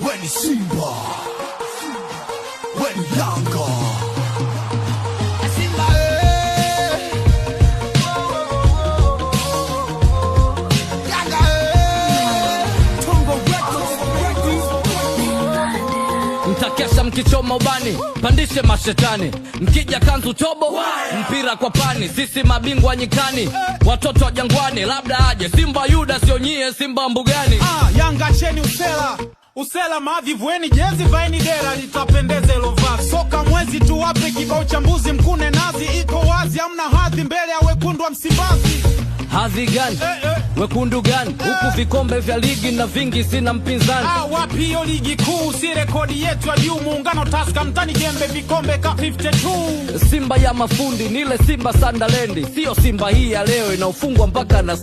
we ni Simba, we ni Yanga. Simba eh. eh. Mtakesha mkichoma ubani, pandishe mashetani, mkija kanzu tobo, mpira kwa pani, sisi mabingwa nyikani, watoto wa jangwani, labda aje Simba Yuda, sio Simba mbugani. Ah, Yanga cheni usela Usela mavi vweni jezi vaini dera litapendeze lova soka mwezi tu wape kibao cha mbuzi mkune nazi iko wazi amna hadhi mbele ya wekundu wa Msimbazi. Hadhi gani? Eh, eh. Wekundu gani? Eh. Huku Vikombe vya ligi na vingi sina mpinzani. Ah, wapi hiyo ligi kuu si rekodi yetu ya juu muungano Taska mtani jembe vikombe ka 52. Simba ya mafundi nile Simba Sandalendi, sio Simba hii ya leo inaofungwa mpaka na